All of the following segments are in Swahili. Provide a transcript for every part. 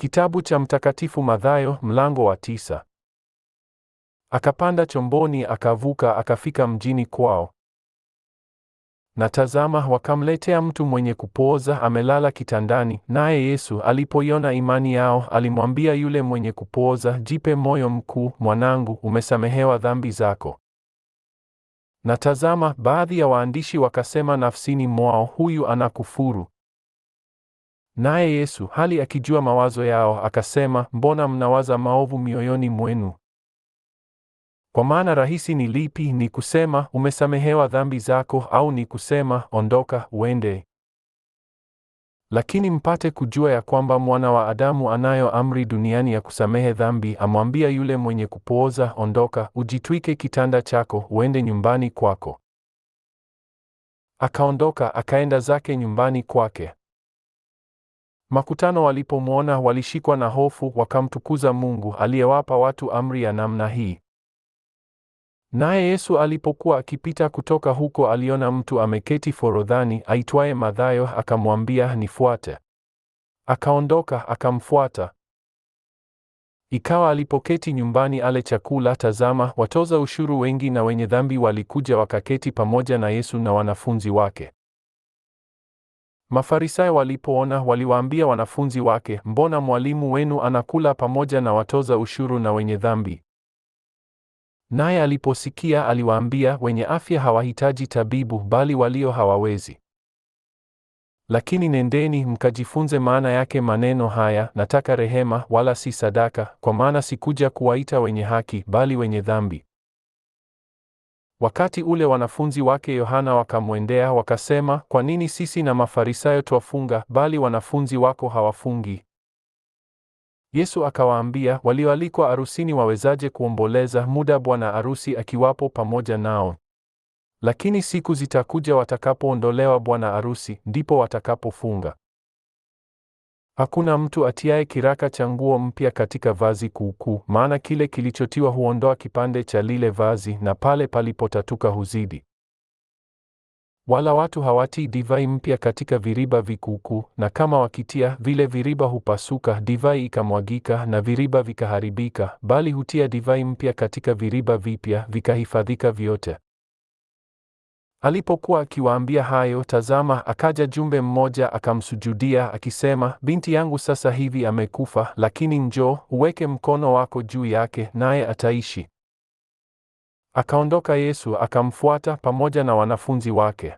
Kitabu cha Mtakatifu Mathayo mlango wa tisa. Akapanda chomboni akavuka akafika mjini kwao. Na tazama, wakamletea mtu mwenye kupooza amelala kitandani, naye Yesu alipoiona imani yao, alimwambia yule mwenye kupooza, jipe moyo mkuu, mwanangu, umesamehewa dhambi zako. Na tazama, baadhi ya waandishi wakasema nafsini mwao, huyu anakufuru. Naye Yesu hali akijua mawazo yao akasema, mbona mnawaza maovu mioyoni mwenu? Kwa maana rahisi ni lipi? Ni kusema umesamehewa dhambi zako, au ni kusema ondoka uende? Lakini mpate kujua ya kwamba mwana wa Adamu anayo amri duniani ya kusamehe dhambi, amwambia yule mwenye kupooza, ondoka, ujitwike kitanda chako, uende nyumbani kwako. Akaondoka akaenda zake nyumbani kwake. Makutano walipomwona walishikwa na hofu, wakamtukuza Mungu aliyewapa watu amri ya namna hii. Naye Yesu alipokuwa akipita kutoka huko, aliona mtu ameketi forodhani aitwaye Mathayo, akamwambia, nifuate. Akaondoka akamfuata. Ikawa alipoketi nyumbani ale chakula, tazama, watoza ushuru wengi na wenye dhambi walikuja wakaketi pamoja na Yesu na wanafunzi wake. Mafarisayo walipoona waliwaambia wanafunzi wake, mbona mwalimu wenu anakula pamoja na watoza ushuru na wenye dhambi? Naye aliposikia aliwaambia, wenye afya hawahitaji tabibu, bali walio hawawezi. Lakini nendeni mkajifunze maana yake maneno haya, nataka rehema, wala si sadaka, kwa maana sikuja kuwaita wenye haki, bali wenye dhambi. Wakati ule wanafunzi wake Yohana wakamwendea wakasema, kwa nini sisi na Mafarisayo twafunga bali wanafunzi wako hawafungi? Yesu akawaambia, walioalikwa arusini wawezaje kuomboleza muda bwana arusi akiwapo pamoja nao? Lakini siku zitakuja watakapoondolewa bwana arusi, ndipo watakapofunga. Hakuna mtu atiaye kiraka cha nguo mpya katika vazi kuukuu, maana kile kilichotiwa huondoa kipande cha lile vazi, na pale palipotatuka huzidi. Wala watu hawatii divai mpya katika viriba vikuukuu, na kama wakitia, vile viriba hupasuka, divai ikamwagika, na viriba vikaharibika; bali hutia divai mpya katika viriba vipya, vikahifadhika vyote. Alipokuwa akiwaambia hayo, tazama, akaja jumbe mmoja akamsujudia akisema, binti yangu sasa hivi amekufa, lakini njoo uweke mkono wako juu yake, naye ataishi. Akaondoka Yesu akamfuata pamoja na wanafunzi wake.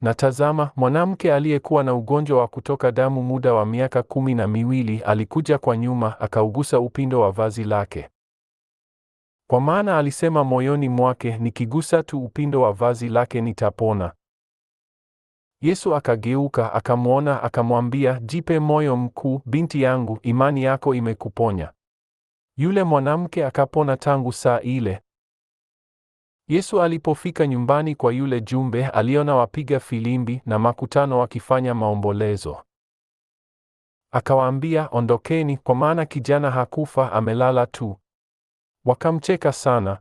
Na tazama, mwanamke aliyekuwa na ugonjwa wa kutoka damu muda wa miaka kumi na miwili alikuja kwa nyuma, akaugusa upindo wa vazi lake. Kwa maana alisema moyoni mwake, nikigusa tu upindo wa vazi lake nitapona. Yesu akageuka, akamwona, akamwambia, jipe moyo mkuu, binti yangu, imani yako imekuponya. Yule mwanamke akapona tangu saa ile. Yesu alipofika nyumbani kwa yule jumbe, aliona wapiga filimbi na makutano wakifanya maombolezo. Akawaambia, ondokeni, kwa maana kijana hakufa, amelala tu. Wakamcheka sana.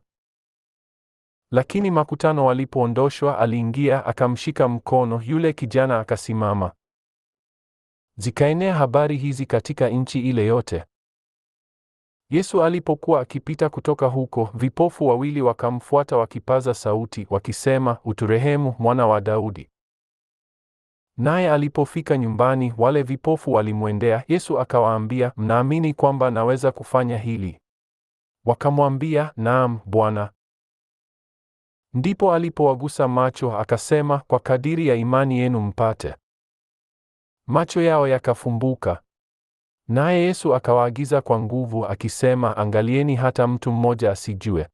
Lakini makutano walipoondoshwa, aliingia akamshika mkono yule kijana akasimama. Zikaenea habari hizi katika nchi ile yote. Yesu alipokuwa akipita kutoka huko, vipofu wawili wakamfuata wakipaza sauti wakisema, uturehemu, mwana wa Daudi. Naye alipofika nyumbani, wale vipofu walimwendea Yesu akawaambia, mnaamini kwamba naweza kufanya hili? Wakamwambia, naam Bwana. Ndipo alipowagusa macho akasema, kwa kadiri ya imani yenu mpate. Macho yao yakafumbuka. Naye Yesu akawaagiza kwa nguvu akisema, angalieni hata mtu mmoja asijue.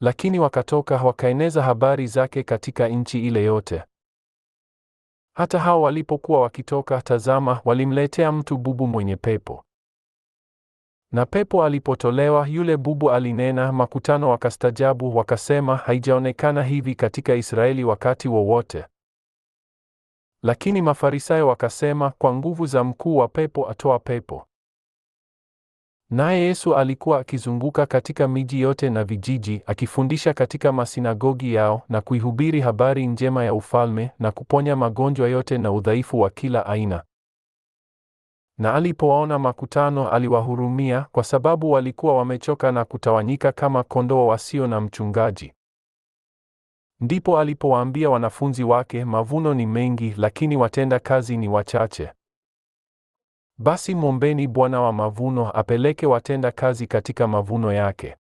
Lakini wakatoka wakaeneza habari zake katika nchi ile yote. Hata hao walipokuwa wakitoka, tazama, walimletea mtu bubu mwenye pepo. Na pepo alipotolewa yule bubu alinena, makutano wakastajabu, wakasema, haijaonekana hivi katika Israeli wakati wowote. wa lakini Mafarisayo wakasema, kwa nguvu za mkuu wa pepo atoa pepo. Naye Yesu alikuwa akizunguka katika miji yote na vijiji, akifundisha katika masinagogi yao na kuihubiri habari njema ya ufalme na kuponya magonjwa yote na udhaifu wa kila aina na alipowaona makutano aliwahurumia, kwa sababu walikuwa wamechoka na kutawanyika kama kondoo wasio na mchungaji. Ndipo alipowaambia wanafunzi wake, mavuno ni mengi, lakini watenda kazi ni wachache. Basi mwombeni Bwana wa mavuno apeleke watenda kazi katika mavuno yake.